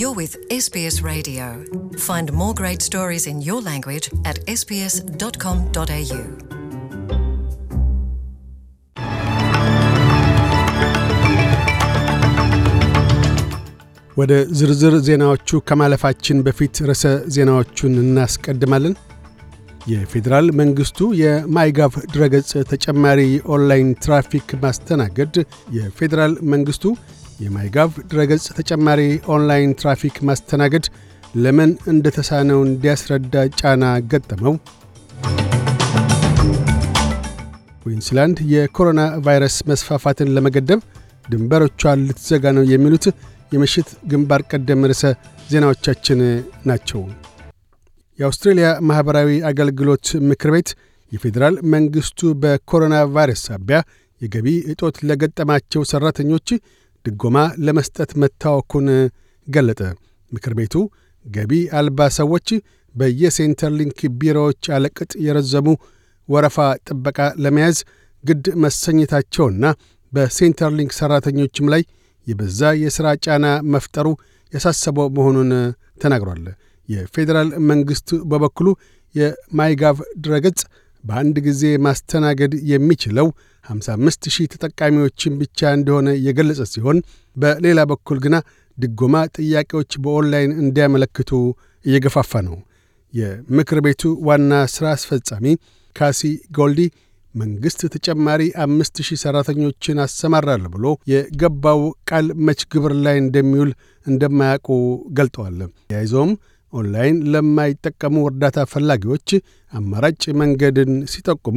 You're with SBS Radio. Find more great stories in your language at sbs.com.au. ወደ ዝርዝር ዜናዎቹ ከማለፋችን በፊት ርዕሰ ዜናዎቹን እናስቀድማለን። የፌዴራል መንግሥቱ የማይጋቭ ድረገጽ ተጨማሪ የኦንላይን ትራፊክ ማስተናገድ የፌዴራል መንግሥቱ የማይጋቭ ድረገጽ ተጨማሪ ኦንላይን ትራፊክ ማስተናገድ ለምን እንደተሳነው እንዲያስረዳ ጫና ገጠመው። ኩዊንስላንድ የኮሮና ቫይረስ መስፋፋትን ለመገደብ ድንበሮቿን ልትዘጋ ነው የሚሉት የምሽት ግንባር ቀደም ርዕሰ ዜናዎቻችን ናቸው። የአውስትሬልያ ማኅበራዊ አገልግሎት ምክር ቤት የፌዴራል መንግሥቱ በኮሮና ቫይረስ ሳቢያ የገቢ እጦት ለገጠማቸው ሠራተኞች ድጎማ ለመስጠት መታወኩን ገለጠ። ምክር ቤቱ ገቢ አልባ ሰዎች በየሴንተርሊንክ ቢሮዎች አለቅጥ የረዘሙ ወረፋ ጥበቃ ለመያዝ ግድ መሰኘታቸውና በሴንተርሊንክ ሠራተኞችም ላይ የበዛ የሥራ ጫና መፍጠሩ ያሳሰበው መሆኑን ተናግሯል። የፌዴራል መንግሥቱ በበኩሉ የማይጋቭ ድረገጽ በአንድ ጊዜ ማስተናገድ የሚችለው 55 ሺህ ተጠቃሚዎችን ብቻ እንደሆነ የገለጸ ሲሆን በሌላ በኩል ግና ድጎማ ጥያቄዎች በኦንላይን እንዲያመለክቱ እየገፋፋ ነው። የምክር ቤቱ ዋና ሥራ አስፈጻሚ ካሲ ጎልዲ መንግሥት ተጨማሪ አምስት ሺህ ሠራተኞችን አሰማራል ብሎ የገባው ቃል መች ግብር ላይ እንደሚውል እንደማያውቁ ገልጠዋል። ያይዞም ኦንላይን ለማይጠቀሙ እርዳታ ፈላጊዎች አማራጭ መንገድን ሲጠቁሙ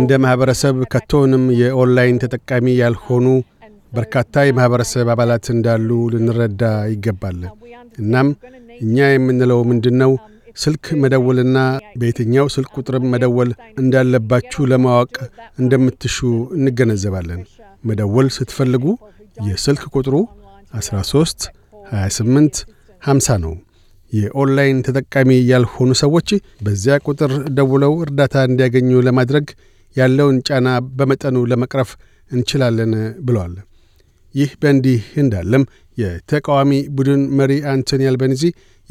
እንደ ማኅበረሰብ ከቶንም የኦንላይን ተጠቃሚ ያልሆኑ በርካታ የማኅበረሰብ አባላት እንዳሉ ልንረዳ ይገባል። እናም እኛ የምንለው ምንድን ነው ስልክ መደወልና በየትኛው ስልክ ቁጥርም መደወል እንዳለባችሁ ለማወቅ እንደምትሹ እንገነዘባለን። መደወል ስትፈልጉ የስልክ ቁጥሩ 13 28 50 ነው። የኦንላይን ተጠቃሚ ያልሆኑ ሰዎች በዚያ ቁጥር ደውለው እርዳታ እንዲያገኙ ለማድረግ ያለውን ጫና በመጠኑ ለመቅረፍ እንችላለን ብለዋል። ይህ በእንዲህ እንዳለም የተቃዋሚ ቡድን መሪ አንቶኒ አልበኒዚ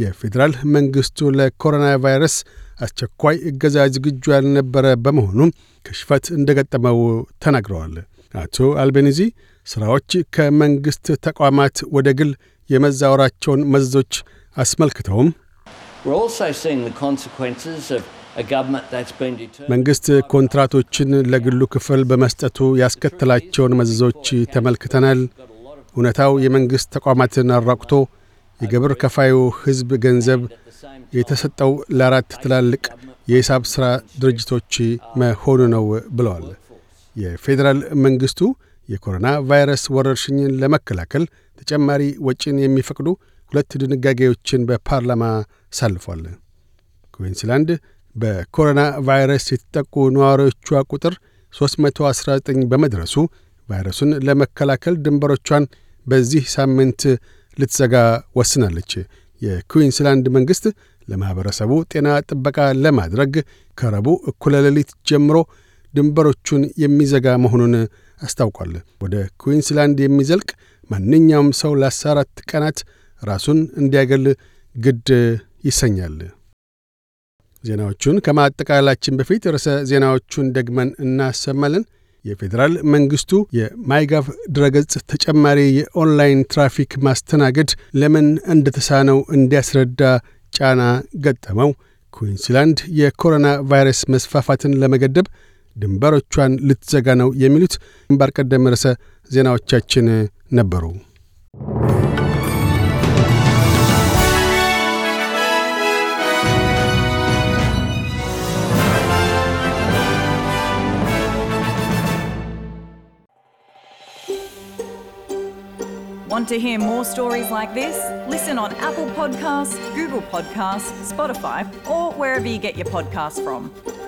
የፌዴራል መንግሥቱ ለኮሮና ቫይረስ አስቸኳይ እገዛ ዝግጁ ያልነበረ በመሆኑ ከሽፈት እንደገጠመው ተናግረዋል። አቶ አልቤኒዚ ሥራዎች ከመንግሥት ተቋማት ወደ ግል የመዛወራቸውን መዘዞች አስመልክተውም መንግሥት ኮንትራቶችን ለግሉ ክፍል በመስጠቱ ያስከትላቸውን መዘዞች ተመልክተናል። እውነታው የመንግሥት ተቋማትን አራቁቶ የግብር ከፋዩ ሕዝብ ገንዘብ የተሰጠው ለአራት ትላልቅ የሂሳብ ሥራ ድርጅቶች መሆኑ ነው ብለዋል። የፌዴራል መንግሥቱ የኮሮና ቫይረስ ወረርሽኝን ለመከላከል ተጨማሪ ወጪን የሚፈቅዱ ሁለት ድንጋጌዎችን በፓርላማ ሳልፏል። ኩዊንስላንድ በኮሮና ቫይረስ የተጠቁ ነዋሪዎቿ ቁጥር 319 በመድረሱ ቫይረሱን ለመከላከል ድንበሮቿን በዚህ ሳምንት ልትዘጋ ወስናለች። የኩዊንስላንድ መንግሥት ለማኅበረሰቡ ጤና ጥበቃ ለማድረግ ከረቡ እኩለ ሌሊት ጀምሮ ድንበሮቹን የሚዘጋ መሆኑን አስታውቋል። ወደ ኩዊንስላንድ የሚዘልቅ ማንኛውም ሰው ለአስራ አራት ቀናት ራሱን እንዲያገል ግድ ይሰኛል። ዜናዎቹን ከማጠቃላችን በፊት ርዕሰ ዜናዎቹን ደግመን እናሰማለን። የፌዴራል መንግስቱ የማይጋቭ ድረገጽ ተጨማሪ የኦንላይን ትራፊክ ማስተናገድ ለምን እንደተሳነው እንዲያስረዳ ጫና ገጠመው። ኩዊንስላንድ የኮሮና ቫይረስ መስፋፋትን ለመገደብ ድንበሮቿን ልትዘጋ ነው የሚሉት ግንባር ቀደም ርዕሰ ዜናዎቻችን ነበሩ። Want to hear more stories like this? Listen on Apple Podcasts, Google Podcasts, Spotify, or wherever you get your podcasts from.